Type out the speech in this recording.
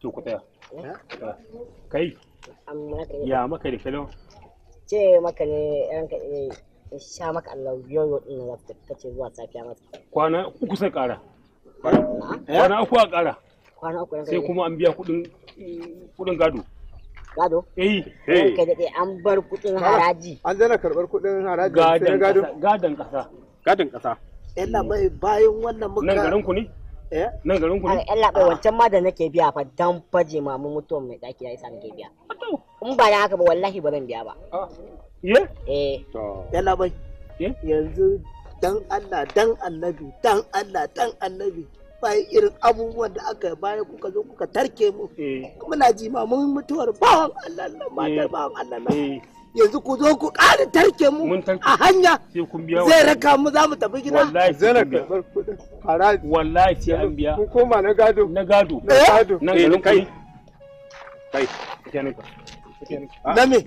to ku tsaya kai ya maka da ce maka ne eh, in sha maka Allah yoyo din na ka ce zuwa safiya mata kwana uku sai ƙara. kwana uku a ƙara. kwana uku sai kuma an biya kuɗin kudin gado gado eh eh dade an bar haraji an zana haraji gadon gadon gadon yalla bayan wannan muka nan garin ku ne Eh? nan garin kuma ah. wancan ma da nake biya fa dan faje mamu mutum mai daki ya isa nake biya in ba na haka ba wallahi ba zan biya ba ah. eh eh yalla bai yanzu dan Allah dan annabi dan Allah dan annabi bayan irin abubuwan da aka baya kuka zo kuka tarke mu eh. muna ji ma mun mutuwar bawan Allah matar eh. bawan Allah yanzu ku zo ku ƙara tarke mu a hanya zai raka mu za mu tafi gida wallahi sai an biya ku koma na gado na gado na eh? gado na gado eh, kai kai ah. na me